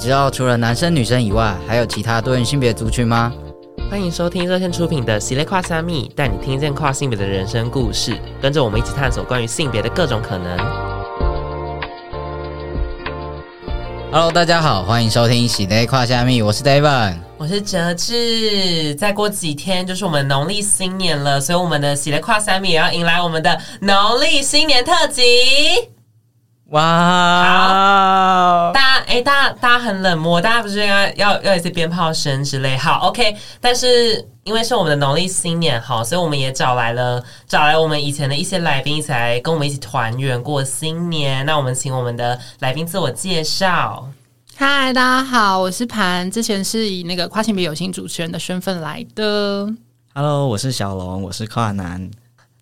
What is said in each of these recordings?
你知道除了男生女生以外，還有其他多元性別族群嗎？歡迎收聽熱線出品的《喜咧跨蝦米》，帶你聽見跨性別的人生故事，跟着我們一起探索關於性別的各種可能。Hello，大家好，歡迎收聽《喜咧跨蝦米》，我是 David，我是哲志。再過幾天就是我們農曆新年了，所以我們的《喜咧跨蝦米》也要迎來我們的農曆新年特輯。哇 Wow，大家，哎、欸，大家，大家很冷漠，大家不是應該要要一些鞭炮聲之類？好，OK，但是因為是我們的農曆新年，好，所以我們也找來了，找來我們以前的一些來賓，一起來跟我們一起團圓過新年。那我們請我們的來賓自我介紹。嗨，大家好，我是盤，之前是以那個跨性別友情主持人的身份來的。Hello，我是小龍，我是跨男。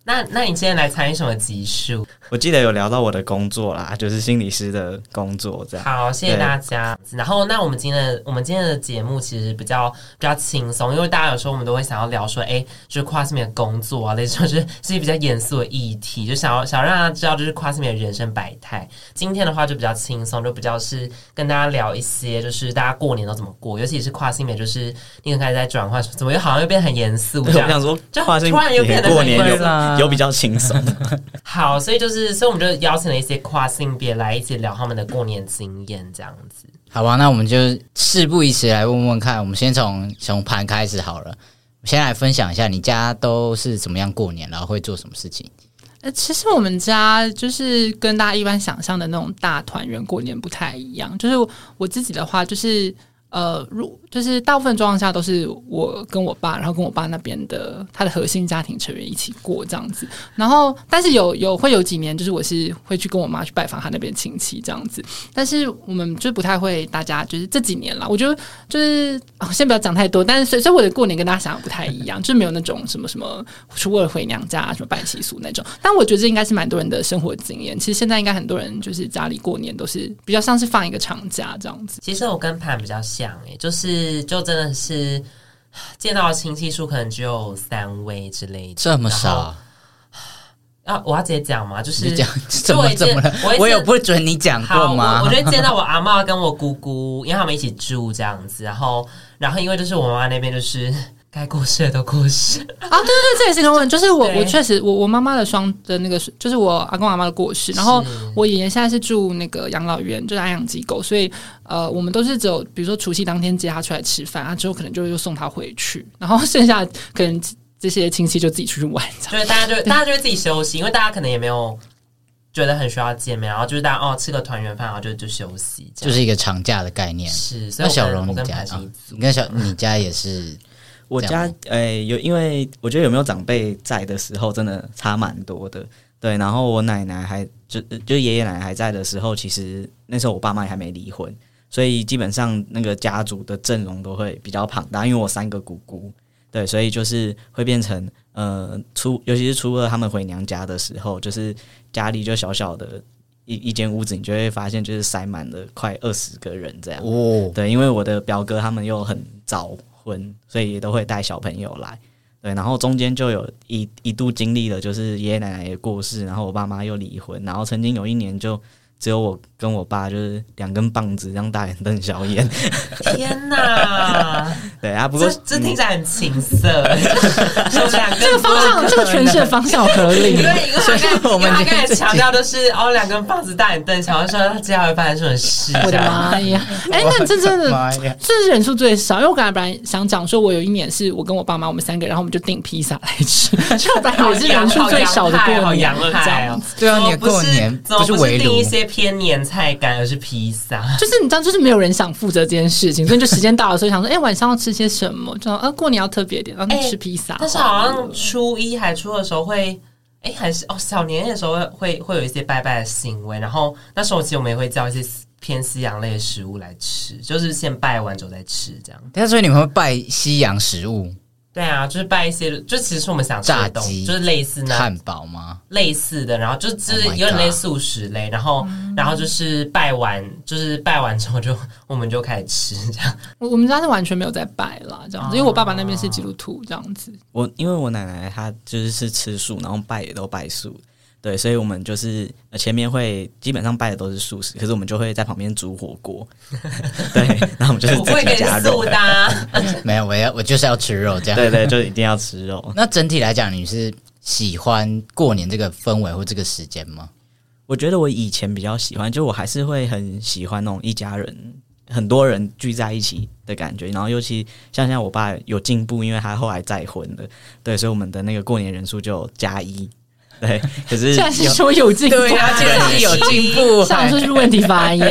那那你今天來參與什麼集數？我記得有聊到我的工作啦，就是心理師的工作這樣。好，謝謝大家。對然後那我們今天的我們今天的節目其實比較比較輕鬆，因為大家有時候我們都會想要聊說，哎、欸，就是跨性別的工作啊，類似就是，是一些比較嚴肅的議題，就想要想要讓大家知道就是跨性別的人生百態。今天的話就比較輕鬆，就比較是跟大家聊一些就是大家過年都怎麼過，尤其是跨性別，就是一開始在轉換，怎麼又好像又變很嚴肅，我不想說，就突然又變得很嚴肅。過年有比較輕鬆的， 好，所以就是，所以我們就邀請了一些跨性別來一起聊他們的過年經驗，這樣子。好吧，那我們就事不宜遲，來問問看。我們先從從盤開始好了，先來分享一下你家都是怎麼樣過年，然後會做什麼事情？呃，其實我們家就是跟大家一般想象的那種大團圓過年不太一樣，就是我，我自己的話就是。呃，如就是大部分狀況下都是我跟我爸，然後跟我爸那邊的他的核心家庭成員一起過這樣子。然後，但是有有會有幾年，就是我是會去跟我媽去拜訪他那邊親戚這樣子。但是我們就不太會大家就是這幾年啦，我覺得就是、哦、先不要講太多。但是，所以我的過年跟大家想的不太一樣， 就是沒有那種什麼什麼出了回娘家，啊、什麼拜習俗那種。但我覺得這應該是蠻多人的生活經驗。其實現在應該很多人就是家裡過年都是比較像是放一個長假這樣子。其實我跟盤比較。講就是就真的是見到親戚數可能只有三位之類的，這麼少啊！我要直接講嗎？就是我有不准你講過嗎？好我？我就見到我阿嬤跟我姑姑，因為他們一起住這樣子，然後然後因為就是我媽媽那邊就是。該過世的都過世 啊，對對對，這也是個問。就是我，對我確實，我我媽媽的雙的那個，就是我阿公阿媽的過世。然後我爺爺現在是住那個養老院，就是安養機構。所以呃，我們都是只有比如說除夕當天接他出來吃飯，啊，之後可能就又送他回去。然後剩下可能這些親戚就自己出去玩。對，大家就大家就會對自己休息，因為大家可能也沒有覺得很需要見面。然後就是大家哦，吃個團圓飯，然後就就休息，就是一個長假的概念。是，那小龍你家，你跟小、嗯、你家也是。我家誒樣、欸，有因為我覺得有沒有長輩在的時候，真的差蠻多的。對，然後我奶奶還就就爺爺奶奶還在的時候，其實那時候我爸媽還沒離婚，所以基本上那個家族的陣容都會比較龐大，因為我三個姑姑，對，所以就是會變成呃初，尤其是初二他們回娘家的時候，就是家裡就小小的一一間屋子，你就會發現就是塞滿了快二十個人這樣。哦，對，因為我的表哥他們又很早。所以也都會帶小朋友來，對，然後中間就有一一度經歷了，就是爺爺奶奶過世，然後我爸媽又離婚，然後曾經有一年就只有我。跟我爸就是兩根棒子這樣大眼瞪小眼，天哪！ 對啊不是，不過這,這聽起來很情色， 這個方向 這個詮釋的方向合理。 因為所以我們剛剛強調的是， 哦，兩根棒子大眼瞪小眼，說他接下來會發現是很稀。我的媽呀！哎、欸，那這真的，的這是人數最少。因為我剛才本來想講說，我有一年是我跟我爸媽我們三個，然後我們就訂披薩來吃，也是 好人數最少的過年。年就、哦哦、講是訂一,一些偏年？菜乾，而是披薩，就是你知道，就是沒有人想負責這件事情，所以就時間到了，所以想說，哎、 欸，晚上要吃些什麼？就想，啊，過年要特別點，然後吃披薩、欸。但是好像初一還初的時候會，哎、欸，還是哦，小年的時候會會會有一些拜拜的行為，然後那時候其實我們也會叫一些偏西洋類的食物來吃，就是先拜完之後再吃這樣。等下，所以你們會拜西洋食物？對啊，就是拜一些，就其實是我們想吃的東，炸雞，就是類似那漢堡嗎？類似的，然後就是有點類似素食類，oh、然後、嗯、然後就是拜完，就是拜完之後就我們就開始吃這樣。我我們家是完全沒有在拜啦，這樣子。啊、因為我爸爸那邊是基督徒這樣子。我因為我奶奶她就是是吃素，然後拜也都拜素。對，所以我們就是前面會基本上拜的都是素食，可是我們就會在旁邊煮火鍋。 對，然後我們就是自己不會加肉的。沒有，我也要，我就是要吃肉，這樣。對，對對，就一定要吃肉。 那整體來講，你是喜歡過年這個氛圍或這個時間嗎？我覺得我以前比較喜歡，就我還是會很喜歡那種一家人很多人聚在一起的感覺。然後，尤其像現在我爸有進步，因為他後來再婚了，對，所以我們的那個過年人數就加一。1，對，可是現在是說有進步，對啊，現在是有進步。上次是問題發言，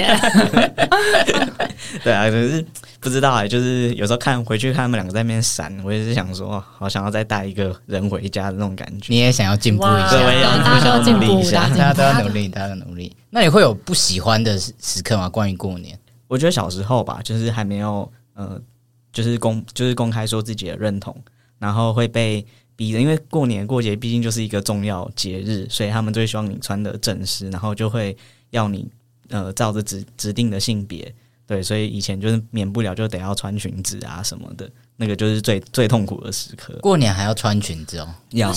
對啊，可是不知道哎，就是有時候看回去看他們兩個在那邊閃，我也是想說，好想要再帶一個人回家的那種感覺。你也想要進步一下，我也要，大家要進步一下，大家都要努力，大家要努力。那你會有不喜歡的時刻嗎？關於過年，我覺得小時候吧，就是還沒有呃，就是公就是公開說自己的認同，然後會被。逼因為過年過節畢竟就是一個重要節日，所以他們最希望你穿得正式，然後就會要你呃照着指指定的性別，對，所以以前就是免不了就得要穿裙子啊什麼的，那個就是最最痛苦的時刻。過年還要穿裙子哦？要啊，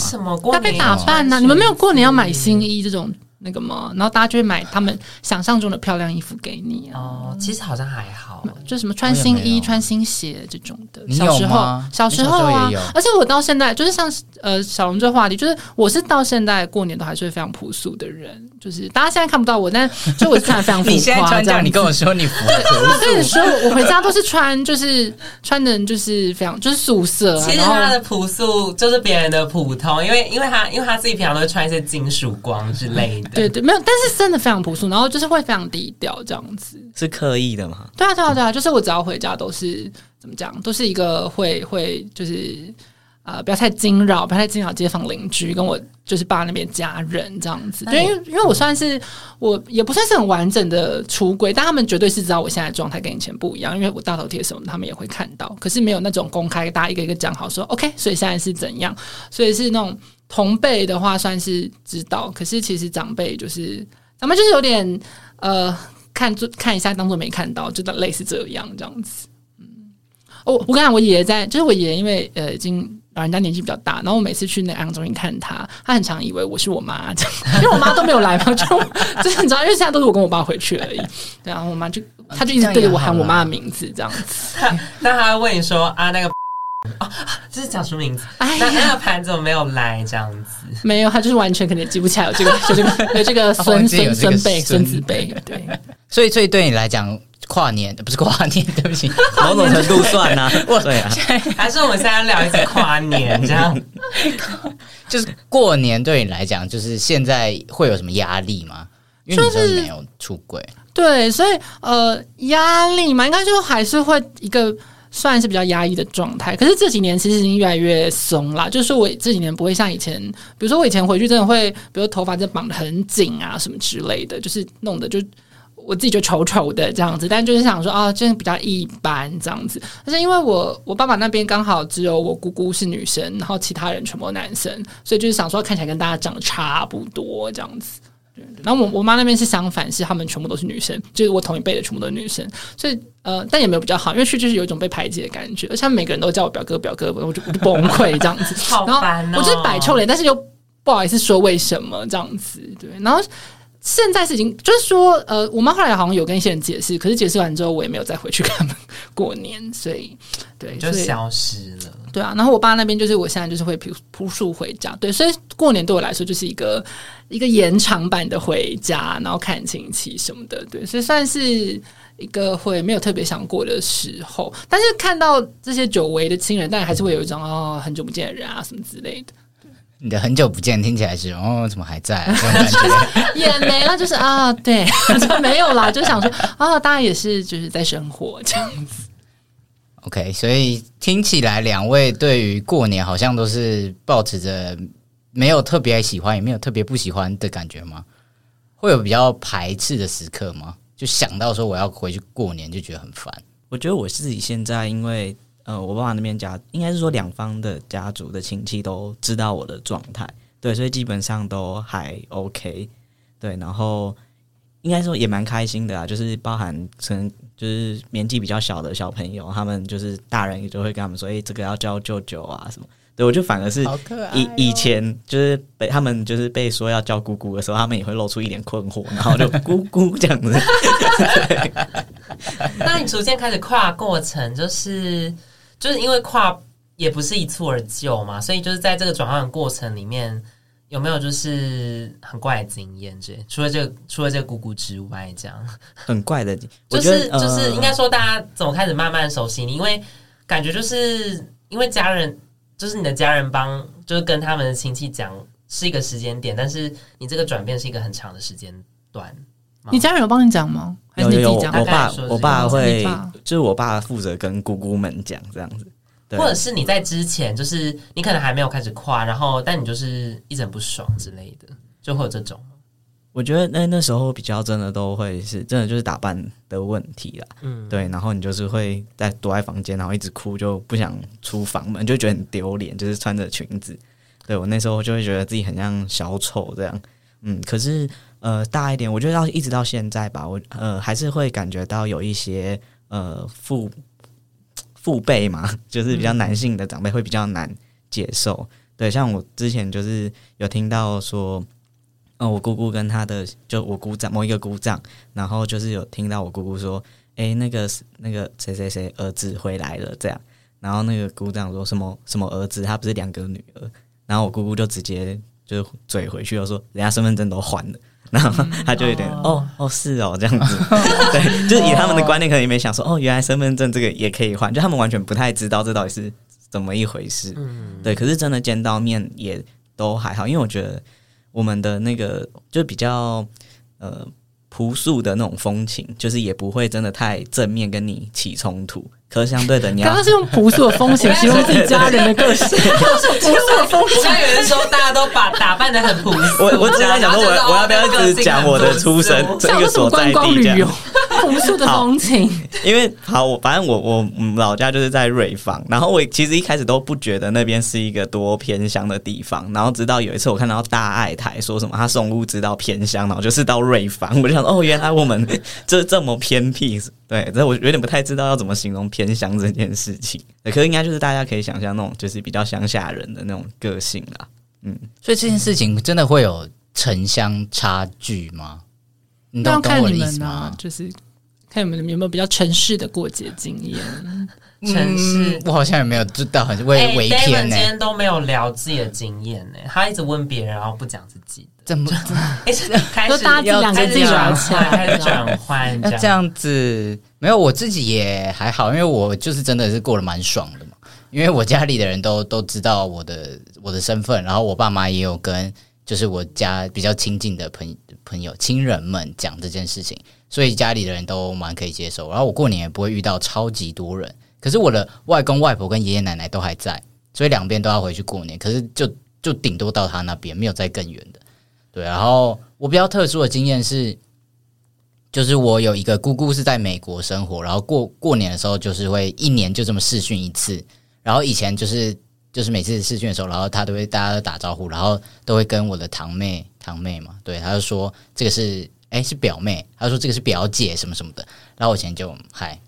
要被打扮呢、啊。哦、你們沒有過年要買新衣這種。那個嘛，然後大家就會買他們想象中的漂亮衣服給你、啊、哦，其實好像還好，就什麼穿新衣、穿新鞋這種的。小時候，有小時候啊，小時候也有而且我到現在就是像呃小龍這個話題，就是我是到現在過年都還是會非常樸素的人。就是大家現在看不到我，但就我是穿非常樸素。你跟我說你樸素， 我跟你說我我回家都是穿就是穿的，就是非常就是素色、啊。然後其實他的樸素就是別人的普通，因為因為他因為他自己平常都會穿一些金屬光之類的。 對，對對，沒有，但是真的非常樸素，然後就是會非常低調這樣子。是刻意的嗎？對啊，對啊，對啊，就是我只要回家都是怎麼講，都是一個會會就是啊、呃，不要太驚擾，不要太驚擾街坊鄰居，跟我就是爸那邊家人這樣子。對，因為因為我算是我也不算是很完整的出櫃，但他們絕對是知道我現在狀態跟以前不一樣，因為我大頭貼什麼他們也會看到，可是沒有那種公開大家一個一個講好說 OK，所以現在是怎樣，所以是那種。同輩的話算是知道，可是其實長輩就是，咱們就是有點呃，看做看一下，當做沒看到，就類似這樣這樣子。嗯，哦，我剛剛我爺爺在，就是我爺爺因為呃已經老人家年紀比較大，然後我每次去那療養中心看他，他很常以為我是我媽這樣，因為我媽都沒有來嘛， 就就是你知道，因為現在都是我跟我爸回去而已。對、然後、啊、我媽就他就一直對着我喊我媽的名字這樣子。那、嗯、他，他問你說啊那個。啊、哦，這是叫什麼名字？哎呀，盤、那個，子有沒有來這樣子，沒有，他就是完全可能記不起來有這個， 有這個孫孫孫輩孫子輩，對。所以，所以對你來講，跨年不是跨年，對不起，某種 是對程度算啊。我還是我們現在聊一次跨年這樣。對 就是過年對你來講，就是現在會有什麼壓力嗎？因為真的沒有出軌、就是。對，所以呃，壓力嘛，應該就還是會一個。算是比較壓抑的狀態，可是這幾年其實已經越來越鬆了。就是我這幾年不會像以前，比如說我以前回去真的會，比如頭髮就綁得很緊啊什麼之類的，就是弄得就我自己就醜醜的這樣子。但就是想說啊，真的比較一般這樣子。但是因為我我爸爸那邊剛好只有我姑姑是女生，然後其他人全部男生，所以就是想說看起來跟大家長得差不多這樣子。然後我我媽那邊是相反，是他們全部都是女生，就是我同一輩的全部都是女生，所以呃，但也沒有比較好，因為去就是有一種被排擠的感覺，而且他們每個人都叫我表哥表哥，我就，我就崩潰這樣子。好煩啊！我就是擺臭臉，但是又不好意思說為什麼這樣子。對，然後現在是已經就是說，呃，我媽後來好像有跟一些人解釋，可是解釋完之後，我也沒有再回去跟他們過年，所以對，就消失了。對啊，然後我爸那邊就是我現在就是會樸樸數回家，對，所以過年對我來說就是一個一個延長版的回家，然後看親戚什麼的，對，所以算是一個會沒有特別想過的時候，但是看到這些久違的親人，但還是會有一種哦，很久不見的人啊什麼之類的。你的很久不見聽起來是哦，怎麼還在啊？ 也沒了，就是啊、哦，對，就沒有啦，就想說啊，大、哦、家也是就是在生活這樣子。OK，所以聽起來兩位對於過年好像都是保持着沒有特別喜歡也沒有特別不喜歡的感覺嗎？會有比較排斥的時刻嗎？就想到說我要回去過年就覺得很煩。我覺得我自己現在因為呃，我爸爸那邊家應該是說，兩方的家族的親戚都知道我的狀態，對，所以基本上都還 OK，對，然後應該說也蠻開心的啊，就是包含就是年紀比較小的小朋友，他們就是大人也就會跟他們說，哎、欸，這個要叫舅舅啊什麼？對，我就反而是以、喔、以前就是被他們就是被說要叫姑姑的時候，他們也會露出一點困惑，然後就姑姑這樣子。那你逐漸開始跨過程，就是就是因為跨也不是一蹴而就嘛，所以就是在這個轉換過程裡面。有沒有就是很怪的經驗？這除了這，除了這個，除了這個姑姑之外，這樣很怪的， 就是就是應該說，大家怎麼開始慢慢熟悉你？因為感覺就是，因為家人就是你的家人幫，就是跟他們的親戚講是一個時間點，但是你這個轉變是一個很長的時間段。你家人有幫你講嗎？還是你自己講？有有，我爸，我爸會，爸，就是我爸負責跟姑姑們講這樣子。對或者是你在之前，就是你可能還沒有開始跨，然後但你就是一直很不爽之類的，就會有這種。我覺得那、欸、那時候比較真的都會是，真的就是打扮的問題啦。嗯，對，然後你就是會在躲在房間，然後一直哭，就不想出房門，就覺得很丟臉，就是穿着裙子。對我那時候就會覺得自己很像小丑這樣。嗯，可是呃大一點，我覺得到一直到現在吧，我呃還是會感覺到有一些呃負。父輩嘛，就是比較男性的長輩會比較難接受。嗯、對，像我之前就是有聽到說，嗯、哦，我姑姑跟她的就我姑丈某一個姑丈，然後就是有聽到我姑姑說，誒、欸，那個那個誰誰誰兒子回來了這樣，然後那個姑丈說什麼什麼兒子，他不是兩個女兒，然後我姑姑就直接就是懟回去了說，人家身份證都換了。然後他就有點、嗯、哦哦，哦是哦這樣子，哦、對，哦、就是以他們的觀念可能也沒想說哦，哦，原來身份證這個也可以換，就他們完全不太知道這到底是怎麼一回事，嗯、對。可是真的見到面也都還好，因為我覺得我們的那個就比較呃。樸素的那種風情，就是也不會真的太正面跟你起衝突。可是相對的，你剛剛是用樸素的風情形容自己家人的個性。 樸素的風情，我剛有時候，大家都把打扮得很樸素。我我只想講說，我我要不要就是講我的出生這 個所在地這樣？ 無數的同情，因為好，我反正我我，我老家就是在瑞芳，然後我其實一開始都不覺得那邊是一個多偏鄉的地方，然後直到有一次我看到大愛台說什麼他送物資到偏鄉，然後就是到瑞芳，我就想哦，原來我們這這麼偏僻，對，這我有點不太知道要怎麼形容偏鄉這件事情，可是應該就是大家可以想象那種就是比較鄉下人的那種個性啦，嗯，所以這件事情真的會有城鄉差距嗎？嗯、你要看你們、啊、就是。看有沒有有沒有比較城市的過節經驗？城市，嗯、我好像也沒有知道。哎，欸欸、David 今天都沒有聊自己的經驗呢、欸，他一直問別人，然後不講自己的。怎麼就，欸是？開始要開始轉換轉換這樣子？沒有，我自己也還好，因為我就是真的是過得蠻爽的嘛。因為我家裡的人都都知道我的我的身份，然後我爸媽也有跟。就是我家比較親近的朋朋友、親人們講這件事情，所以家裡的人都蠻可以接受。然後我過年也不會遇到超級多人，可是我的外公外婆跟爺爺奶奶都還在，所以兩邊都要回去過年。可是就就頂多到他那邊，沒有再更遠的。對，然後我比較特殊的經驗是，就是我有一個姑姑是在美國生活，然後過過年的時候就是會一年就這麼視訊一次。然後以前就是。就是每次試卷的時候，然後他都會大家都打招呼，然後都會跟我的堂妹、堂妹嘛，對，他就說這個是哎、欸、是表妹，他說這個是表姐什麼什麼的，然後我以前就嗨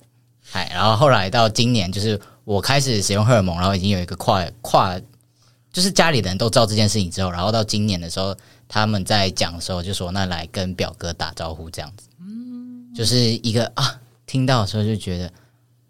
嗨，然後後來到今年，就是我開始使用荷爾蒙，然後已經有一個跨跨，就是家裡人都知道這件事情之後，然後到今年的時候，他們在講的時候，就說我那來跟表哥打招呼這樣子，嗯，就是一個啊，聽到的時候就覺得。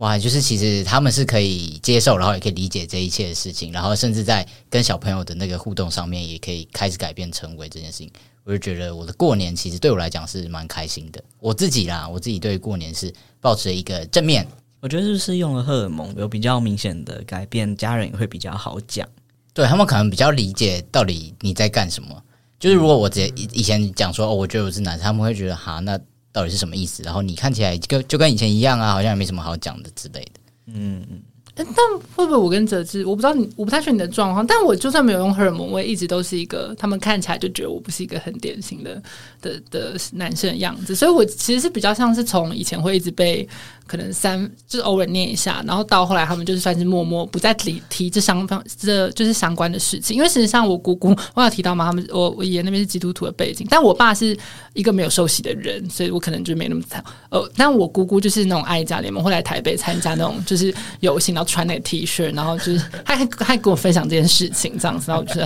哇，就是其實他們是可以接受，然後也可以理解這一切的事情，然後甚至在跟小朋友的那個互動上面，也可以開始改變，成為這件事情。我就覺得我的過年其實對我來講是蠻開心的。我自己啦，我自己對過年是抱持一個正面。我覺得是不是用了荷爾蒙，有比較明顯的改變，家人也會比較好講。對，他們可能比較理解到底你在幹什麼。就是如果我直接以前講說，哦，我覺得我是男生，他們會覺得哈，那。到底是什麼意思？然後你看起來就跟就跟以前一樣啊，好像也沒什麼好講的之類的。嗯嗯。但會不會我跟哲志，我不知道你，我不太確定你的狀況。但我就算沒有用荷爾蒙，我也一直都是一個他們看起來就覺得我不是一個很典型的的的男生的樣子。所以，我其實是比較像是從以前會一直被可能三，就是偶爾念一下，然後到後來他們就是算是默默不再提提這相方，這就是相關的事情。因為事實上，我姑姑我有提到嘛，他們我我爺爺那邊是基督徒的背景，但我爸是一個沒有受洗的人，所以我可能就沒那麼慘。呃、哦，但我姑姑就是那種愛家聯盟會來台北參加那種就是遊行，然後。穿那個 T 恤，然後就是他還 還跟我分享這件事情，這樣子，然後我覺得，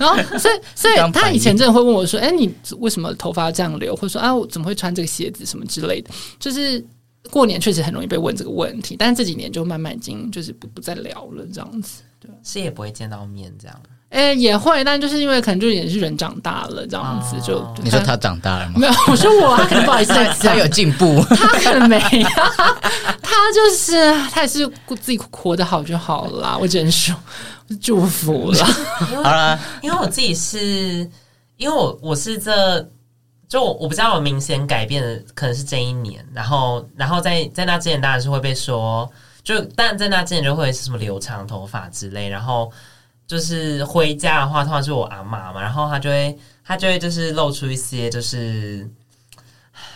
然後，然後，所以，所以，他以前真的會問我說：“哎、欸，你為什麼頭髮要這樣留？”或者說：“啊，我怎麼會穿這個鞋子？”什麼之類的，就是過年確實很容易被問這個問題，但是這幾年就慢慢已經就是不不再聊了，這樣子，對，是也不會見到面這樣。誒、欸，也會，但就是因為可能就也是人長大了這樣子，oh. 就他你說他長大了嗎？沒有，我說我啊，可能不好意思，他有進步，他可能沒有，他就是他也是自己活得好就好了，我只能說祝福了。好了為， 因為我自己是因為我我是這就我我不知道我明顯改變的可能是這一年，然後然後在在那之前當然是會被說，就但在那之前就會是什麼留長頭髮之類，然後。就是回家的話，通常是我阿媽嘛，然後她就會，她就會就是露出一些就是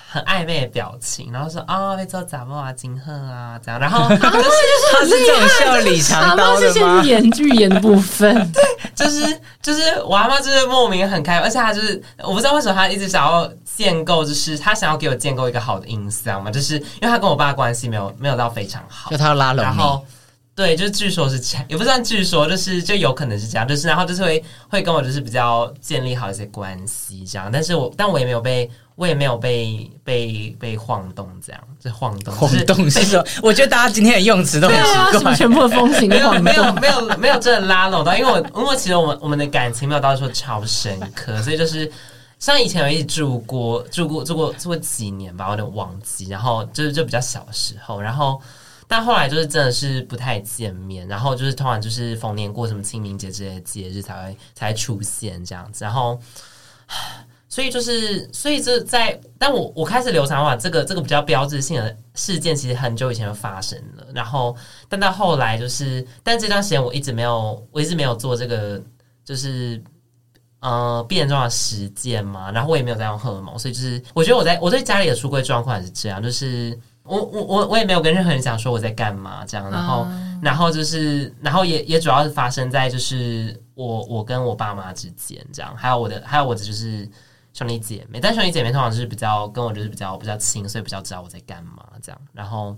很曖昧的表情，然後說、哦、做啊，被叫咋不啊金赫啊這樣，然後就是，就是是這種笑裡藏刀的嗎？媽是先演劇演的部分， 對，就是就是我阿媽就是莫名很開心，而且她就是我不知道為什麼她一直想要建構，就是她想要給我建構一個好的印象嘛，就是因為他跟我爸的關係沒有沒有到非常好，就他拉攏。對，就據說是這樣，也不算據說，就是就有可能是這樣，就是然後就是會會跟我就是比較建立好一些關係這樣，但是我但我也沒有被我也沒有被被被晃動這樣，就晃動、就是、晃動是說， 我覺得大家今天的用詞都很奇怪，啊、是是全部的風景沒有沒有沒有沒有真的拉攏到，因為我因為我其實我們我們的感情沒有到說超深刻，所以就是像以前有一直住過住過住過住過幾年吧，我都忘記，然後就是就比較小的時候，然後。但後來就是真的是不太見面，然後就是通常就是逢年過什麼清明節之類的節日才會才出現這樣子。然後，所以就是，所以這在但我我開始留長髮這個這個比較標誌性的事件，其實很久以前就發生了。然後，但到後來就是，但這段時間我一直沒有我一直沒有做這個，就是呃變裝的實踐嘛。然後我也沒有再用荷爾蒙，所以就是我覺得我在我對家裡的出櫃狀況也是這樣，就是。我我我我也沒有跟任何人講說我在幹嘛這樣，然後然後就是然後也也主要是發生在就是我我跟我爸媽之間這樣，還有我的還有我的就是兄弟姐妹，但兄弟姐妹通常就是比較跟我就是比較比較親，所以比較知道我在幹嘛這樣，然後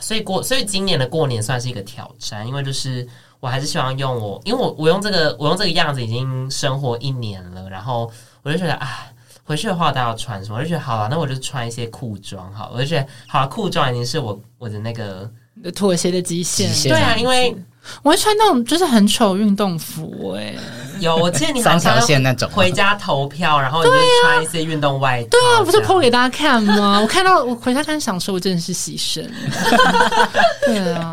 所以過所以今年的過年算是一個挑戰，因為就是我還是希望用我，因為我我用這個我用這個樣子已經生活一年了，然後我就覺得啊。回去的話，大家要穿什麼？我就覺得好啊，那我就穿一些褲裝好啊，我就覺得好，褲裝已經是我我的那個。妥協的極限，對啊，因為我會穿那種就是很醜的運動服，哎，有，我記得你三條線那種回家投票，然後就穿一些運動外套，對啊，不是 PO 給大家看嗎？我看到我回家看想說，我真的是犧牲，對啊，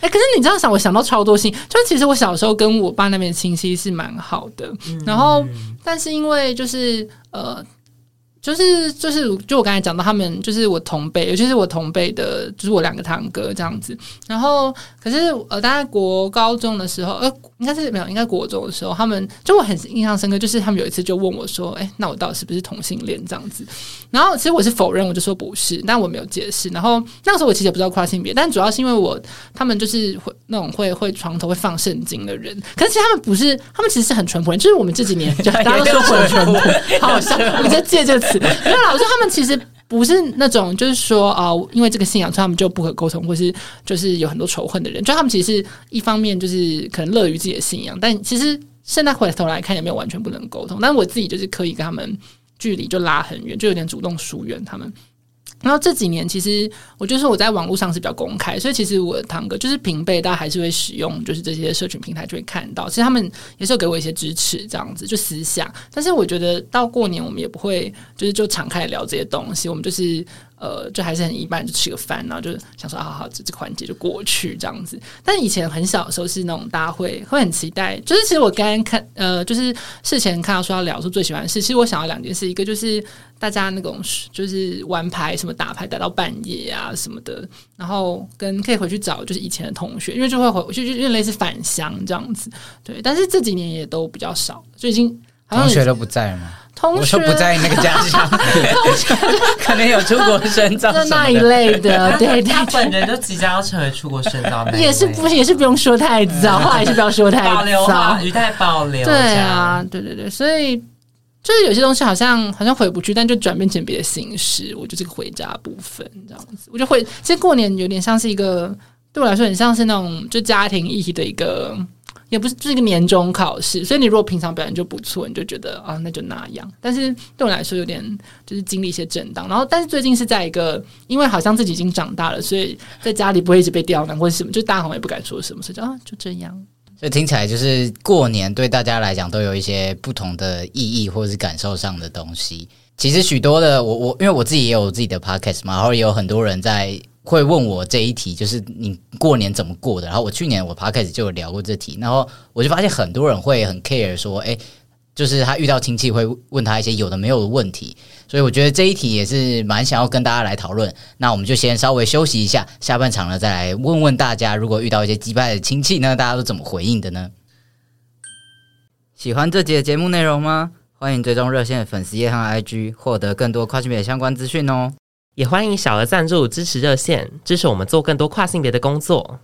哎，可是你這樣想，我想到超多心，就是其實我小時候跟我爸那邊親戚是蠻好的，然後但是因為就是呃。就是就是就我剛才講到他們，就是我同輩，尤其是我同輩的，就是我兩個堂哥這樣子。然後，可是呃，大概國高中的時候，呃。應該是沒有，應該國中的時候，他們就我很印象深刻，就是他們有一次就問我說：“哎、欸，那我到底是不是同性戀這樣子？”然後其實我是否認，我就說不是，但我沒有解釋。然後那個時候我其實也不知道跨性別，但主要是因為我他們就是會那種會會床頭會放聖經的人，可是其實他們不是，他們其實是很淳樸，就是我們這幾年 就大家都說很淳樸， 好好笑，我就借這個詞， 沒有啦，我說他們其實。不是那種，就是說啊、哦，因為這個信仰，所以他們就不可溝通，或是就是有很多仇恨的人。就他們其實一方面就是可能樂於自己的信仰，但其實現在回頭來看，也沒有完全不能溝通。但我自己就是可以跟他們距離就拉很遠，就有點主動疏遠他們。然後這幾年其實我就是我在網絡上是比較公開，所以其實我堂哥就是平輩，大家還是會使用就是這些社群平台就會看到，其實他們也是有給我一些支持這樣子就私下，但是我覺得到過年我們也不會就是就敞開來聊這些東西，我們就是。呃，就還是很一般，就吃個飯，然後就是想說、啊，好好，這這個環節就過去這樣子。但以前很小的時候是那種大家會，會很期待。就是其實我剛剛看，呃，就是事前看到說要聊說最喜歡的事，其實我想要兩件事，一個就是大家那種就是玩牌，什麼打牌打到半夜啊什麼的，然後跟可以回去找就是以前的同學，因為就會回去，就就類似返鄉這樣子。對，但是這幾年也都比較少，最近。同學都不在嗎？同學我說不在那個家鄉， 同學的 可能有出國深造的 那一類的，對，對，對，他本人都即將要成為出國深造。也是不也是不用說太早，話也 是不要說太早，保留語態保留。對啊，對對對，所以就是有些東西好像好像回不去，但就轉變成別的形式。我就這個回家部分這樣子，我就回。其實過年有點像是一個對我來說，很像是那種就家庭議題的一個。也不是就是一個年終考試，所以你如果平常表現就不錯，你就覺得啊，那就那樣。但是對我來說，有點就是經歷一些震盪。然後，但是最近是在一個，因為好像自己已經長大了，所以在家裡不會一直被刁難或者什麼。就大紅也不敢說什麼，所以說啊，就這樣。所以聽起來就是過年對大家來講都有一些不同的意義或者是感受上的東西。其實許多的，我我因為我自己也有自己的 podcast 嘛，然後也有很多人在。會問我這一題，就是你過年怎麼過的？然後我去年我 podcast 就有聊過這題，然後我就發現很多人會很 care，說，哎，就是他遇到親戚會問他一些有的沒有的問題，所以我覺得這一題也是蠻想要跟大家來討論。那我們就先稍微休息一下，下半場呢再來問問大家，如果遇到一些奇葩的親戚，那大家都怎麼回應的呢？喜歡這集的節目內容嗎？歡迎追蹤熱線的粉絲頁和 IG，獲得更多跨性別的相關資訊哦。也歡迎小額贊助支持熱線，支持我們做更多跨性別的工作。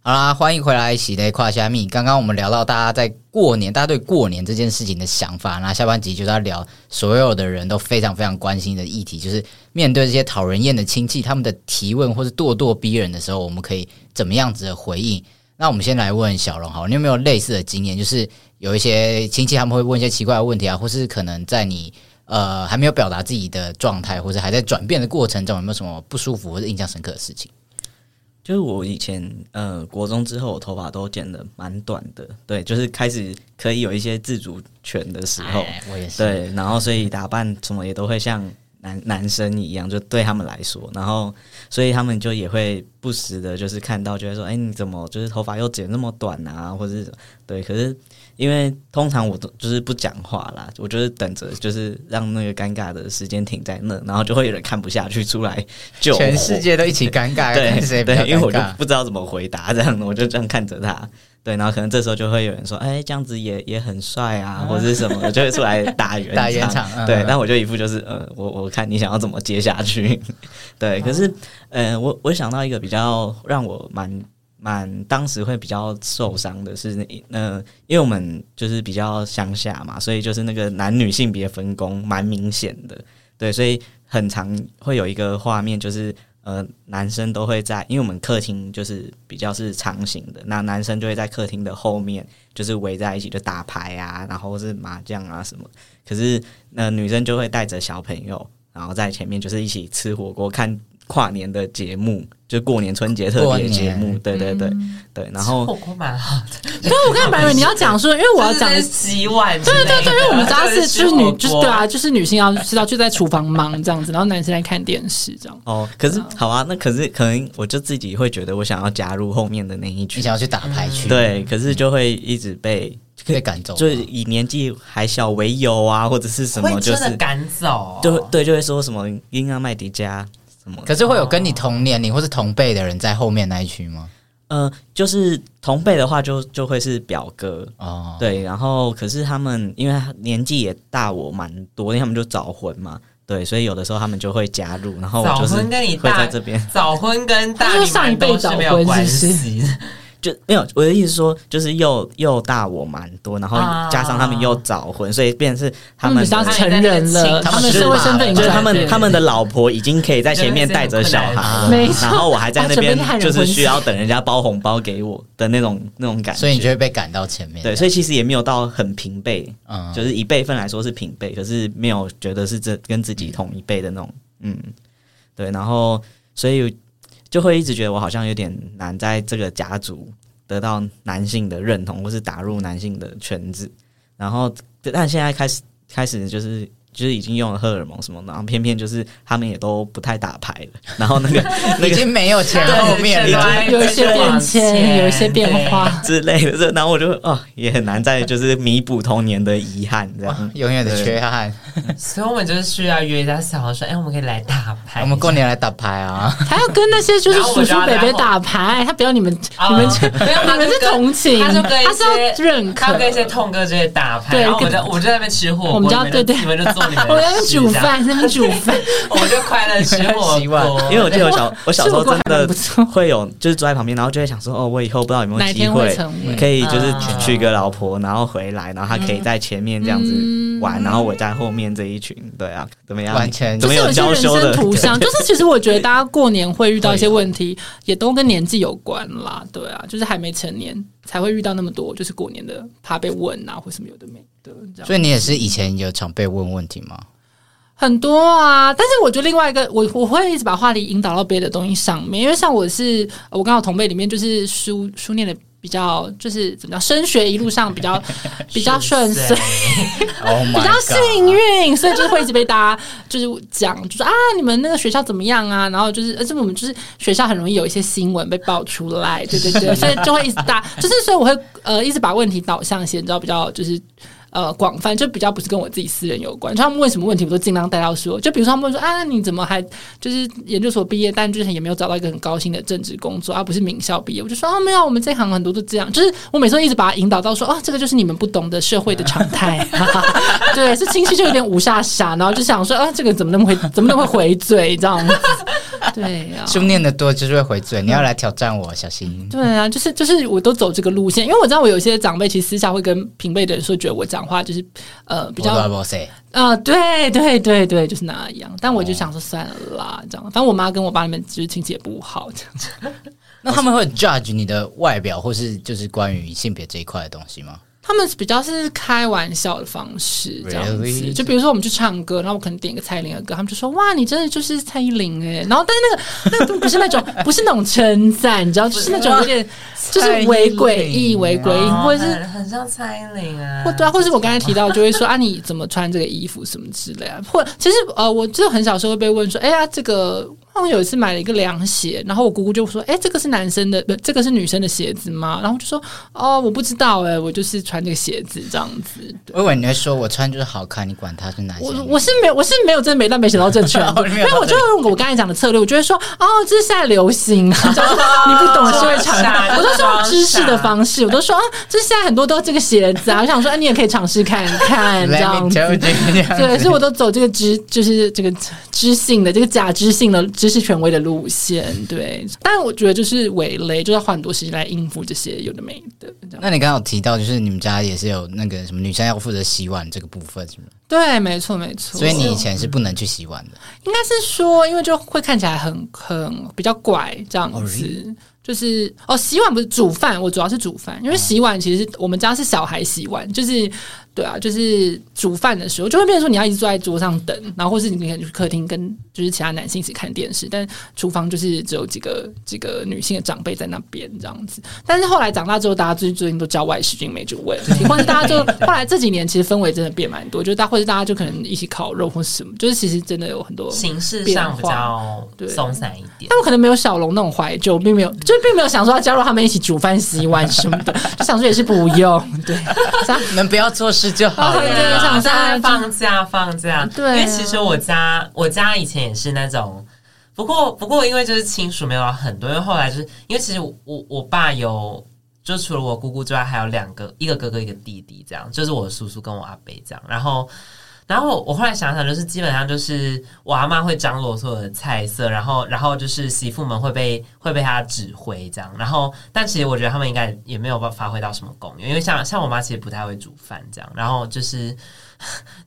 好啦，歡迎回來，來，喜咧跨蝦米。剛剛我們聊到大家在過年，大家對過年這件事情的想法。那下半集就在聊所有的人都非常非常關心的議題，就是面對這些討人厭的親戚，他們的提問或是咄咄逼人的時候，我們可以怎麼樣子的回應？那我們先來問小龍，好，你有沒有類似的經驗？就是有一些親戚他們會問一些奇怪的問題啊，或是可能在你呃，還沒有表達自己的狀態，或者還在轉變的過程中，有沒有什麼不舒服或者印象深刻的事情？就是我以前呃，國中之後，我頭髮都剪得蠻短的，對，就是開始可以有一些自主權的時候，哎、我也是對，然後所以打扮什麼也都會像男男生一樣，就對他們來說，然後所以他們就也會不時的，就是看到，就會說，哎、欸，你怎麼就是頭髮又剪那麼短啊？或者對，可是。因為通常我都就是不講話啦，我就是等着，就是讓那個尷尬的時間停在那，然後就會有人看不下去出來救。全世界都一起尷尬， 對尬對，對，因為我就不知道怎麼回答， 這樣我就這樣看着他，對，然後可能這時候就會有人說，哎，這樣子也也很帥啊， 或是什麼，我就會出來打圓 打圓場，嗯、對，那、嗯、我就一副就是呃，我我看你想要怎麼接下去， 對，可是、嗯、呃，我我想到一個比較讓我蠻。嗯，當時會比較受傷的是，是、呃、那因為我們就是比較鄉下嘛，所以就是那個男女性別分工蠻明顯的，對，所以很常會有一個畫面，就是呃，男生都會在，因為我們客廳就是比較是長型的，那男生就會在客廳的後面，就是圍在一起就打牌啊，然後是麻將啊什麼，可是那、呃、女生就會帶着小朋友，然後在前面就是一起吃火鍋看。跨年的節目就過年春節特別節目，對對對對。然後我蠻好的。我看白蕊，你要講說，因為我要講洗碗。對對對，因為我們家是是女，就對啊，就是女性要知道就在廚房忙這樣子，然後男生在看電視這樣。哦，可是好啊，那可是可能我就自己會覺得我想要加入後面的那一群，想要去打牌去。對，可是就會一直被被趕走，就以年紀還小為由啊，或者是什麼，就是趕走。就對，就會說什麼《陰陽麥迪加》。可是會有跟你同年齡或是同輩的人在後面那一區嗎？哦？呃，就是同輩的話就，就就會是表哥哦。對，然後可是他們因為他年紀也大我蠻多，因為他們就早婚嘛。對，所以有的時候他們就會加入，然後就是會早婚跟你在這邊早婚跟大上一輩是沒有關係。就沒有，我的意思說，就是又又大我蠻多，然後加上他們又早婚，啊、所以變成是他們成人了，他，他們的社會身份，就他們他們的老婆已經可以在前面帶着小孩，然後我還在那邊就是需要等人家包紅包給我的那種那種感覺，所以你就會被趕到前面，對，所以其實也沒有到很平輩，嗯、就是一輩分來說是平輩，可是沒有覺得是這跟自己同一輩的那種，嗯，嗯，對，然後所以。就會一直覺得我好像有點難在這個家族得到男性的認同，或是打入男性的圈子。然後，但現在開始，開始就是。就是已經用了荷爾蒙什麼的，然後偏偏就是他們也都不太打牌了，然後那個已經沒有錢了，後面有一些變遷，有一些變化之類的。然後我就哦，也很難再就是彌補童年的遺憾，這樣永遠的缺憾。所以我們就是需要約一下小龍說，哎，我們可以來打牌，我們過年來打牌啊，還要跟那些就是叔叔、伯伯打牌，他不要你們，你們去你們是同情，他是要認可，他要跟一些痛哥這些打牌，然後我我就在那邊吃火鍋，我們就對對。們我要煮飯，在煮飯，煮 我就快樂希望，因為我記得我小我小時候真的會有，就是坐在旁邊，然後就會想說，哦，我以後不知道有沒有機會，可以就是娶個老婆，然後回來，然後他可以在前面這樣子玩，嗯、然後我在後面這一群，對啊，怎麼樣？完全就是有些人生圖像，對就是其實我覺得大家過年會遇到一些問題，也都跟年紀有關啦，對啊，就是還沒成年。才會遇到那麼多，就是過年的怕被問啊，或什麼有的沒的這樣。所以你也是以前有常被問問題嗎？很多啊，但是我覺得另外一個，我我會一直把話題引導到別的東西上面，因為像我是我剛好同輩裡面就是書書念的。比較就是怎麼講，升學一路上比較比較順遂比較， 生 比較幸運，oh、my 所以就是會一直被大家就是講，就是啊，你們那個學校怎麼樣啊？然後就是，而且我們就是學校很容易有一些新聞被爆出來，對對對， 所以就會一直搭，就是所以我會呃一直把問題導向些，你知道，比較就是。呃，廣泛就比較不是跟我自己私人有關。他們問什麼問題，我都盡量帶到說，就比如說他們說啊，你怎麼還就是研究所畢業，但之前也沒有找到一個很高薪的正職工作，而、啊、不是名校畢業。我就說啊，沒有，我們這行很多都這樣。就是我每次都一直把他引導到說啊，這個就是你們不懂的社會的常態。 對，是親戚就有點霧煞煞，然後就想說啊，這個怎麼那麼會，怎麼那麼會回嘴，你知道嗎？對呀、啊，書念得多就是會回嘴。你要來挑戰我，嗯、小心。對啊，就是就是，我都走這個路線，因為我知道我有些長輩其實私下會跟平輩的人說，覺得我這樣。話就是，呃，比較啊、呃，對對對對，對，就是那樣。但我就想說，算了啦，哦、這樣。反正我媽跟我爸那邊就是親戚也不好，這樣子。 那他們會 judge 你的外表，或是就是關於性別這一塊的東西嗎？他們比較是開玩笑的方式，這樣子。Really? 就比如說我們去唱歌，然後我可能點個蔡依林的歌，他們就說：“哇，你真的就是蔡依林哎、欸。”然後但是那個那個不是那種 不是那種稱讚，你知道，不就是那種有點哇就是微詭異微詭異，或者是很像蔡依林啊，對，或是我剛才提到就會說 啊，你怎麼穿這個衣服什麼之類啊？或其實呃，我就很小時候會被問說：“哎、欸、呀、啊，這個。”我有一次買了一個涼鞋，然後我姑姑就說：“哎、欸，這個是男生的，不，這個是女生的鞋子嗎？”然後就說：“哦，我不知道、欸，哎，我就是穿這個鞋子這樣子。對”薇薇，你在說，我穿就是好看，你管它是男生。我我是沒有，我是沒有真沒但沒想到這圈， 因為我就用我剛才講的策略，我就會說：“哦，這是現在流行， 你不懂 是會嘗。”我都是用知識的方式，我都說啊，這是現在很多都這個鞋子啊， 我想說，哎、啊，你也可以嘗試看看這樣子，you, 這樣子對，所以我都走這個知，就是這個知性的，這個假知性的。這個這是權威的路線，對。但我覺得就是偽雷，就是花很多時間來應付這些有的沒的。那你剛剛提到，就是你們家也是有那個什麼女生要負責洗碗這個部分，是嗎？對，沒錯，沒錯。所以你以前是不能去洗碗的，應該是說，因為就會看起來很很比較怪這樣子。Oh, really? 就是哦，洗碗不是煮飯，我主要是煮飯，因為洗碗其實我們家是小孩洗碗，就是。對啊，就是煮飯的時候，就會變成說你要一直坐在桌上等，然後或是你可能去客廳跟就是其他男性一起看電視，但廚房就是只有幾個幾個女性的長輩在那邊這樣子。但是後來長大之後，大家最最近都叫外食就沒煮飯，或對是大家就後來這幾年其實氛圍真的變蠻多，就大或是大家就可能一起烤肉或什麼，就是其實真的有很多形式變化，對，鬆散一點。但我可能沒有小龍那種懷舊，並沒有就並沒有想說要加入他們一起煮飯洗碗什麼的， 就想說也是不用，對，你們、啊、不要做事。就好了。放假就放假放假對啊，因為其實我家我家以前也是那種，不過不過因為就是親屬沒有很多，因為後來就是因為其實我我爸有，就除了我姑姑之外，還有兩個，一個哥哥一個弟弟，這樣就是我叔叔跟我阿伯這樣，然後。然後我後來想想，就是基本上就是我阿媽會張羅所有的菜色，然後然後就是媳婦們會被會被她指揮這樣。然後但其實我覺得他們應該也沒有發揮到什麼功用，因為像像我媽其實不太會煮飯這樣。然後就是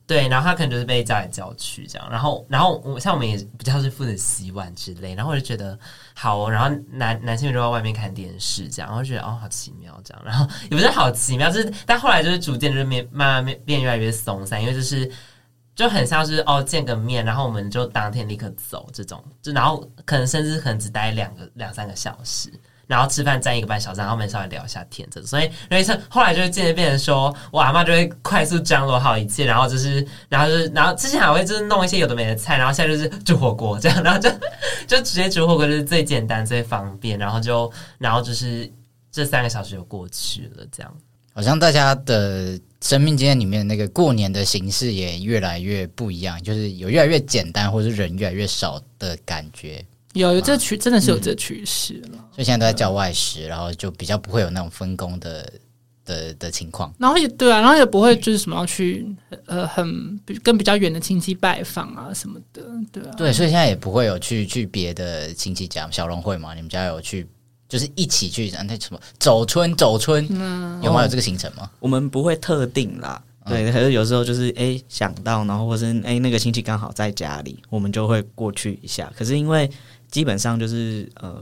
對，然後她可能就是被叫來叫去這樣。然後然後我像我們也比較是負責洗碗之類。然後我就覺得好哦，然後男男性就到外面看電視這樣，我就覺得哦好奇妙這樣。然後也不是好奇妙，就是但後來就是逐漸就變慢慢變變越來越鬆散，因為就是。就很像是哦，見個面，然後我們就當天立刻走，這種，就然後可能甚至可能只待兩個兩三個小時，然後吃飯占一個半小時，然後我們稍微聊一下天，這個、所以，所一次，後來就漸漸變成說，我阿媽就會快速張羅好一切，然後就是，然後、就是，然後之前還會就是弄一些有的沒的菜，然後現在就是煮火鍋這樣，然後就就直接煮火鍋就是最簡單最方便，然後就然後就是這三個小時就過去了，這樣。好像大家的生命經驗裡面，那個過年的形式也越來越不一樣，就是有越來越簡單，或者是人越來越少的感覺。有有這趨，啊、真的是有這趨勢了。所以、嗯、嗎現在都在叫外食，對然後就比較不會有那種分工的的的情況。然後也對啊，然後也不會就是什麼要去對呃很跟比較遠的親戚拜訪啊什麼的，對啊。對，所以現在也不會有去去別的親戚家，小龍會嗎？你們家有去？就是一起去，然後那什麼走春走春，那有沒有、哦、有這個行程嗎？我們不會特定啦，對，可是、嗯、有時候就是哎、欸、想到，然後或是哎、欸、那個親戚剛好在家裡，我們就會過去一下。可是因為基本上就是呃，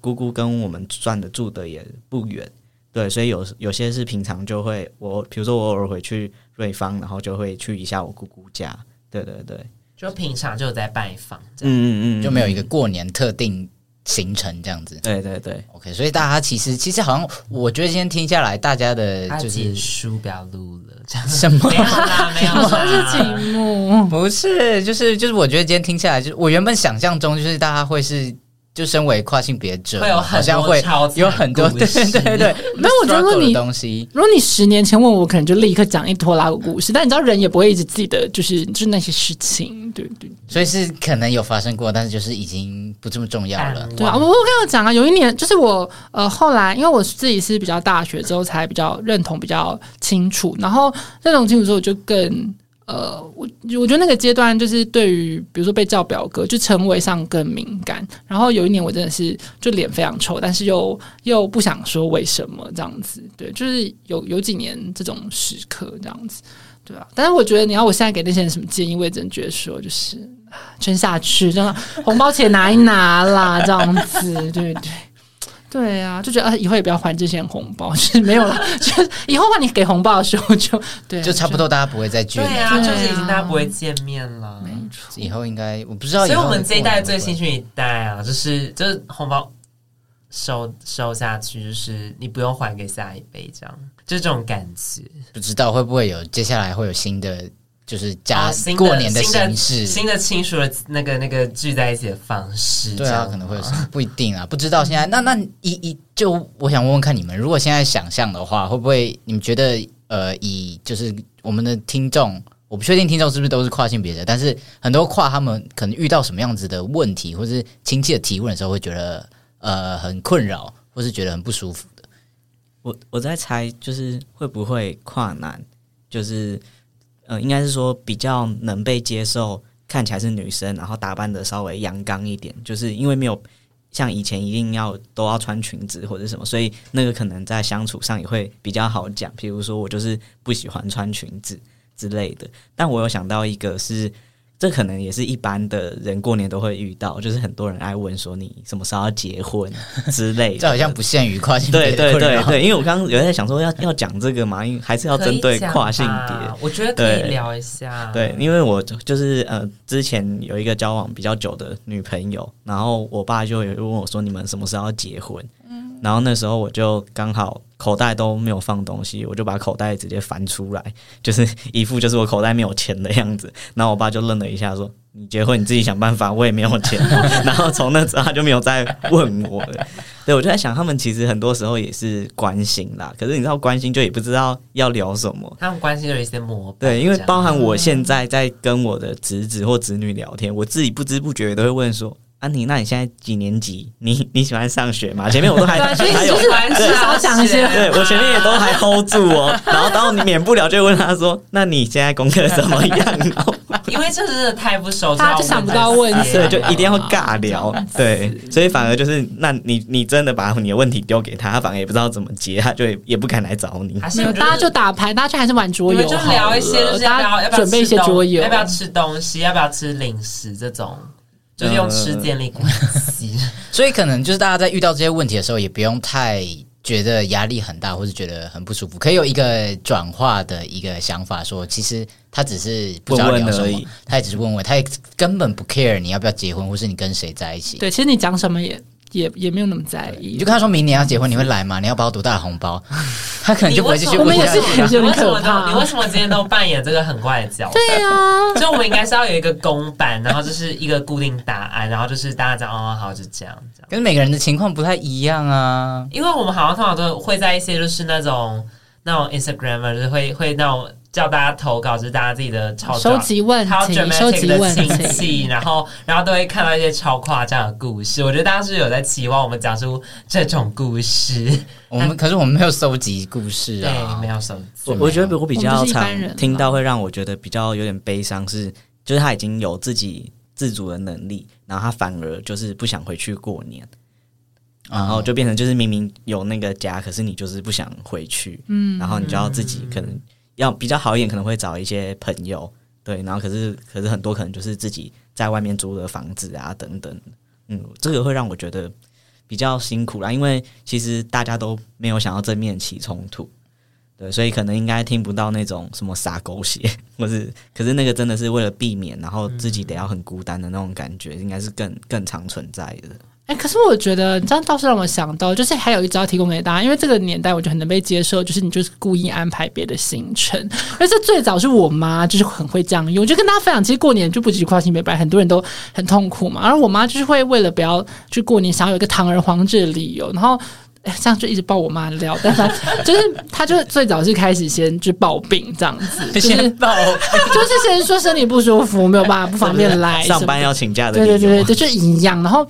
姑姑跟我們算的住的也不遠，對，所以有有些是平常就會，我比如說我偶爾回去瑞芳，然後就會去一下我姑姑家。對對對，就平常就在拜訪、嗯，嗯嗯嗯，就沒有一個過年特定行程這樣子，對對對，OK。所以大家其實其實好像，我覺得今天聽下來，大家的就是書不要錄了，這樣子，什麼？沒有算是節目，不是，就是就是，我覺得今天聽下來，就是我原本想象中，就是大家會是。就身為跨性別者，超好像會有很多對對對對。那我覺得如你東西如果你十年前問我，我可能就立刻講一拖拉的故事。但你知道人也不會一直記得，就是就是那些事情，對對、對。所以是可能有發生過，但是就是已經不這麼重要了。Uh, one. 對啊，我我跟剛講啊，有一年就是我呃後來，因為我自己是比較大學之後才比較認同比較清楚，然後認同清楚之後我就更。呃，我我覺得那個階段就是對於比如說被叫表哥，就稱謂上更敏感。然後有一年我真的是就臉非常臭，但是又又不想說為什麼這樣子，對，就是有有幾年這種時刻這樣子，對吧、啊？但是我覺得你要我現在給那些人什麼建議，我也真覺得說就是撐下去，真的紅包錢拿一拿啦， 這樣子，對對。對啊，就覺得啊，以後也不要還這些紅包，就是沒有了。 就以後吧，你給紅包的時候就對，就差不多，大家不會再聚了。對呀，就是已經大家不會見面了。沒錯，以後應該我不知道以後會不會。所以，我們這一代最幸運一代啊，就是就是紅包收收下去，就是你不用還給下一輩，這樣就這種感覺。不知道會不會有接下來會有新的。就是加過年的形式，新的親屬的那個那個聚在一起的方式，對啊，可能會有，不一定啊，不知道現在。那那一一就，我想問問看你們，如果現在想象的話，會不會你們覺得呃，以就是我們的聽眾，我不確定聽眾是不是都是跨性別的，但是很多跨他們可能遇到什麼樣子的問題，或是親戚的提問的時候，會覺得呃很困擾，或是覺得很不舒服的。我我在猜，就是會不會跨男，就是。嗯、呃，應該是說比較能被接受，看起來是女生，然後打扮的稍微陽剛一點，就是因為沒有像以前一定要都要穿裙子或者什麼，所以那個可能在相處上也會比較好講。譬如說我就是不喜歡穿裙子之類的，但我有想到一個是。這可能也是一般的人過年都會遇到，就是很多人愛問說你什麼時候要結婚之類的， 這好像不限於跨性別。 對對對對， 因為我剛剛有在想說要 要講這個嘛，因為還是要針對跨性別，我覺得可以聊一下。對，對，因為我就是呃之前有一個交往比較久的女朋友，然後我爸就有問我說你們什麼時候要結婚？嗯，然後那時候我就剛好。口袋都沒有放東西，我就把口袋直接翻出來，就是一副就是我口袋沒有錢的樣子。然後我爸就愣了一下，說：“你結婚你自己想辦法，我也沒有錢。” 然後從那之後他就沒有再問我了。對，我就在想，他們其實很多時候也是關心啦。可是你知道，關心就也不知道要聊什麼。他們關心有一些模，對，因為包含我現在在跟我的侄子或侄女聊天，我自己不知不覺都會問說。安妮，那你現在幾年級？你你喜歡上學嗎？前面我都還其實有講一些。對，我前面也都還 hold 住哦，然後你免不了就問他說：“那你現在功課怎麼樣？”因為這真的太不熟，他就想不到問題，所以就一定要尬聊。對，所以反而就是，那你你真的把你的問題丟給他，他反而也不知道怎麼接，他就也不敢來找你。還有，大家就打牌，大家就還是玩桌遊，就聊一些，就是要不要準備一些桌遊，要不要吃東西，要不要吃零食這種。就是用吃建立關係、嗯、 所以可能就是大家在遇到這些問題的時候，也不用太覺得壓力很大，或是覺得很不舒服，可以有一個轉化的一個想法，說其實他只是不知道聊什麼，他也只是問問，他也根本不 care 你要不要結婚，或是你跟誰在一起。對，其實你講什麼也。也也沒有那麼在意，你就跟他說明年要結婚，你會來嗎？你要包多大的紅包？他可能就不會繼續問了。 我們也是。你為什麼都？ 你為什麼今天都扮演這個很怪的角色？ 對啊，所 以我們應該是要有一個公版，然後就是一個固定答案，然後就是大家講哦好，就這樣子。樣，跟每個人的情況不太一樣啊，因為我們好像通常都會在一些就是那種。那種 Instagram 就是會會那種叫大家投稿，就是大家自己的超超級超級超級親戚，然後然後都會看到一些超誇張的故事。 我覺得大家是有在期望我們講出這種故事，我們可是我們沒有收集故事啊，啊對沒有收集。我覺得我比較常聽到會讓我覺得比較有點悲傷，是就是他已經有自己自主的能力，然後他反而就是不想回去過年。然後就變成就是明明有那個家，可是你就是不想回去。嗯，然後你就要自己可能要比較好一點，可能會找一些朋友對。然後可是可是很多可能就是自己在外面租的房子啊，等等。嗯，這個會讓我覺得比較辛苦啦，因為其實大家都沒有想要正面起衝突，對，所以可能應該聽不到那種什麼撒狗血，或是可是那個真的是為了避免，然後自己得要很孤單的那種感覺，應該是更更常存在的。哎、欸，可是我覺得，這樣倒是讓我想到，就是還有一招提供給大家，因為這個年代我就很能被接受，就是你就是故意安排別的行程。而且最早是我媽，就是很會這樣用。我就跟大家分享，其實過年就不只跨年、年白很多人都很痛苦嘛。然後我媽就是會為了不要去過年，想要有一個堂而皇之的理由，然後哎、欸，這樣就一直爆我媽的料。但是就是她就是最早是開始先去報病這樣子，就是、先報抱，就是先說身體不舒服，沒有辦法不方便來對對對上班要請假的，對對對對，就一樣，然後。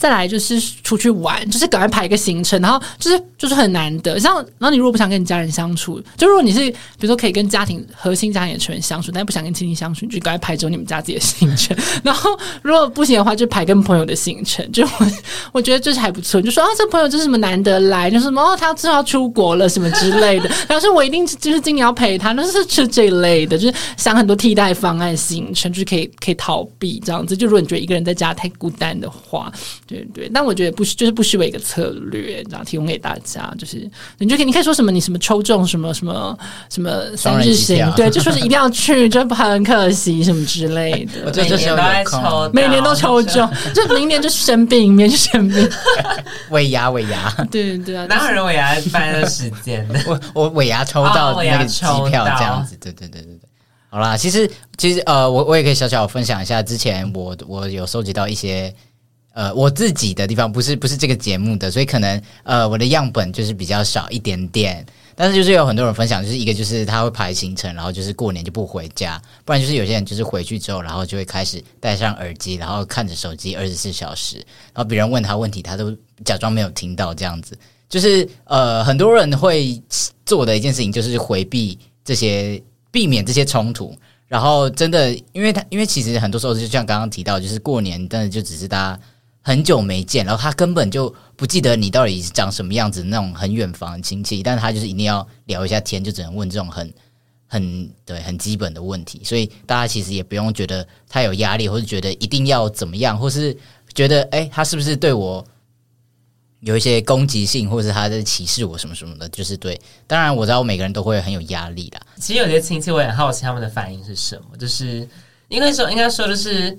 再來就是出去玩，就是趕快排一個行程，然後就是就是很難得。像，然後你如果不想跟你家人相處，就如果你是比如說可以跟家庭核心家庭成員相處，但不想跟親戚相處，你就趕快排走你們家自己的行程。嗯、然後如果不行的話，就排跟朋友的行程。就我我覺得就是還不錯。就說啊，這朋友就是什麼難得來，就是什麼哦，他之後要出國了什麼之類的。 然後是我一定就是今年要陪他，那是吃這一類的，就是想很多替代方案行程，就是可以可以逃避這樣子。就如果你覺得一個人在家太孤單的話。對對，但我覺得不就是不失為一個策略，然後提供給大家，就是你就可以，你可以說什麼，你什麼抽中什麼什麼什麼三日行，對，就說是一定要去， 就很可惜什麼之類的。每年都在抽，每年都抽中， 就明年就生病，明 年就生病。尾牙，尾牙，對對對啊，哪有人尾牙翻了時間的？ 我我尾牙抽到那個機票這樣子，對、啊、對對對對。好啦，其實其實呃，我我也可以小小分享一下，之前我我有收集到一些。呃，我自己的地方不是不是這個節目的，所以可能呃我的樣本就是比較少一點點，但是就是有很多人分享，就是一個就是他會排行程，然後就是過年就不回家，不然就是有些人就是回去之後，然後就會開始戴上耳機，然後看着手機二十四小時，然後別人問他問題，他都假裝沒有聽到這樣子，就是呃很多人會做的一件事情就是回避這些避免這些衝突，然後真的因為他因為其實很多時候就像剛剛提到，就是過年真的就只是大家。很久沒見，然後他根本就不記得你到底是長什麼樣子，那種很遠房親戚，但他就是一定要聊一下天，就只能問這種很很對很基本的問題，所以大家其實也不用覺得他有壓力，或是覺得一定要怎麼樣，或是覺得哎他是不是對我有一些攻擊性，或是他在歧視我什麼什麼的，就是對。當然我知道每個人都會很有壓力啦。其實有些親戚我也很好奇他們的反應是什麼，就是應該說，應該說的、就是。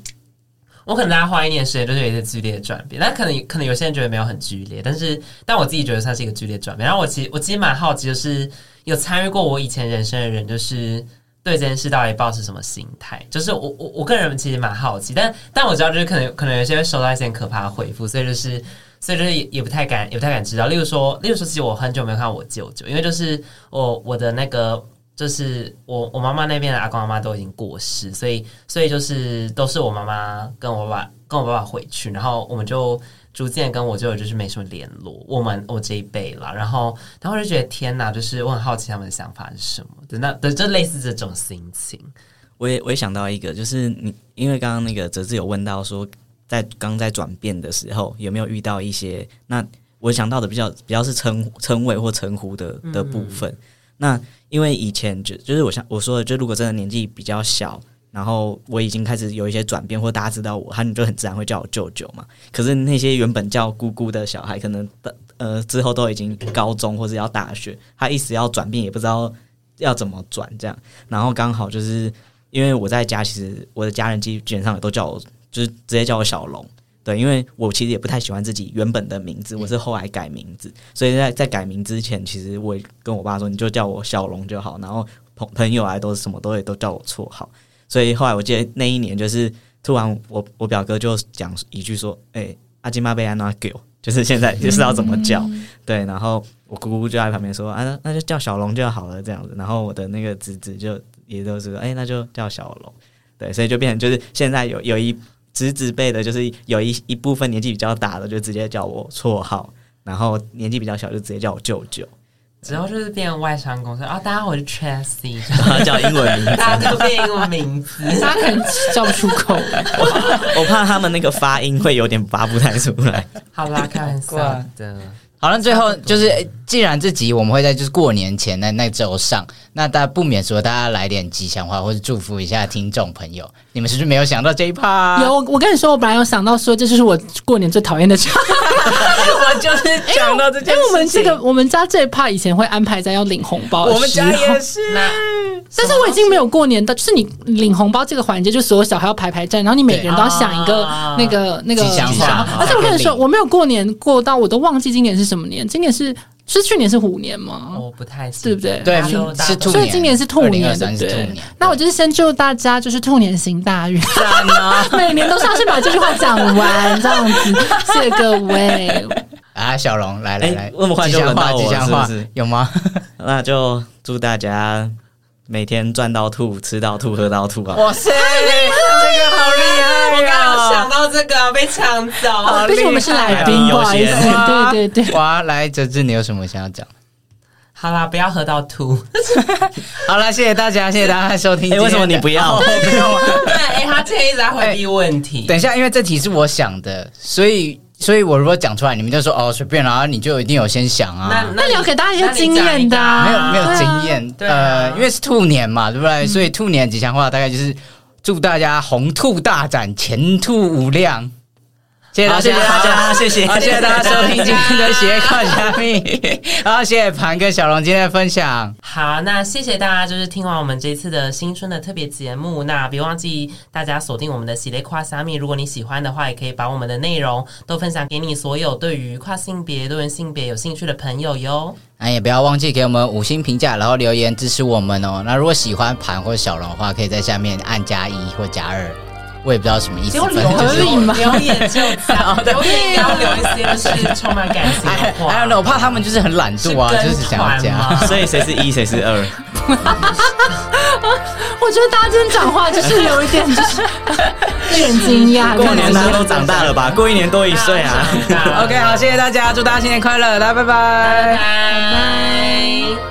我可能大家花一年時間，就是有一些劇烈的轉變。那可能可能有些人覺得沒有很劇烈，但是但我自己覺得算是一個劇烈轉變。然後我其實我其實蠻好奇，就是有參與過我以前人生的人，就是對這件事到底抱持什麼心態？就是我我我個人其實蠻好奇，但但我知道就是可能可能有些人會收到一些可怕的回復，所以就是所以就是也也不太敢也不太敢知道。例如說例如說，其實我很久沒有看我舅舅，因為就是我我的那個。就是我我媽媽那邊的阿公阿媽、媽都已經過世，所以所以就是都是我媽媽跟我爸、爸跟我爸爸回去，然後我們就逐漸跟我舅舅就是沒什麼聯絡。我們我這一輩啦，然後然後就覺得天哪，就是我很好奇他們的想法是什麼。對，那那就類似這種心情，我也我也想到一個，就是你因為剛剛那個哲志有問到說，在剛在轉變的時候有沒有遇到一些，那我想到的比較比較是稱稱謂或稱呼的的部分。嗯那因為以前就就是我想我說的，就如果真的年紀比較小，然後我已經開始有一些轉變，或大家知道我，他們就很自然會叫我舅舅嘛。可是那些原本叫姑姑的小孩，可能呃之後都已經高中或者要大學，他一時要轉變也不知道要怎麼轉，這樣。然後剛好就是因為我在家，其實我的家人基基本上都叫我，就是直接叫我小龍。對，因為我其實也不太喜歡自己原本的名字，我是後來改名字，嗯、所以在在改名之前，其實我也跟我爸說，你就叫我小龍就好。然後朋朋友啊，都什麼都會都叫我綽號，所以後來我記得那一年，就是突然我我表哥就講一句說，哎，阿金媽被安娜丟，就是現在就是要怎麼叫？嗯、對，然後我姑姑就在旁邊說，啊，那就叫小龍就好了這樣子。然後我的那個侄子，子就也都是說，哎，那就叫小龍。對，所以就變成就是現在有有一。侄子輩的，就是有一一部分年紀比較大的，就直接叫我綽號；然後年紀比較小，就直接叫我舅舅。之後就是變成外商公司啊、哦，大家我是 Tracy，叫英文名字，大家就變英文名字， 大家可能叫不出口 我。我怕他們那個發音會有點發不太出來。好啦，開玩笑的。 好了，最後就是，欸、既然這集我們會在就是過年前的那周上。那大家不免說，大家來點吉祥話，或者祝福一下聽眾朋友。你們是不是沒有想到這一趴？啊？有，我跟你說，我本來有想到說，這就是我過年最討厭的、 欸。我就是講到這件，因、欸、為我們這個我們家這一趴以前會安排在要領紅包的時。我們家也是，啦但是我已經沒有過年的就是你領紅包這個環節，就所有小孩要排排站，然後你每個人都要想一個那個、啊、那個、那個、吉祥、吉祥話。而且我跟你說，我沒有過年過到，我都忘記今年是什麼年。今年是。是去年是虎年嗎？我不太，對不對？對，是兔年，所以今年是兔年。對，那我就是先祝大家就是兔年行大運，每年都上去把這句話講完，這樣子謝謝各位。啊，小龍來來來，那麼快就畫我？有嗎？那就祝大家每天賺到兔，吃到兔，喝到兔啊！哇塞，這個好厲害啊！想到這個被搶走，而且我們是來賓，有些意思。對對對，哇，來哲志，你有什麼想要講？好啦，不要喝到吐。好了，謝謝大家，謝謝大家收聽。為什麼你不要？我不要嗎？對，哎，他這一直在回避問題。等一下，因為這題是我想的，所以所以，我如果講出來，你們就說哦隨便，然後你就一定有先想啊。那那你要給大家一些經驗的，沒有沒有經驗。呃，因為是兔年嘛，對不對？所以兔年吉祥話大概就是。祝大家鴻兔大展，前兔無量。謝謝大家，謝謝好，謝謝大家收聽今天的喜咧跨蝦米。 好，謝謝盤跟小龍今天的分享。好，那謝謝大家，就是聽完我們這次的新春的特別節目，那別忘記大家鎖定我們的喜咧跨蝦米，如果你喜歡的話，也可以把我們的內容都分享給你所有對於跨性別、多元性別有興趣的朋友喲。那、啊、也不要忘記給我們五星評價，然後留言支持我們哦。那如果喜歡盤或小龍的話，可以在下面按加一或加二。2我也不知道什麼意思，留言就走，留言也要留一些就是充滿感情的話。還有呢，我怕他們就是很懶惰啊，就是想要講。所以誰是一誰是二？我覺得大家今天講話就是有一點就是令人驚訝。過年大家都長大了吧？過一年多一歲啊。OK，好，謝謝大家，祝大家新年快樂，大家拜拜拜拜。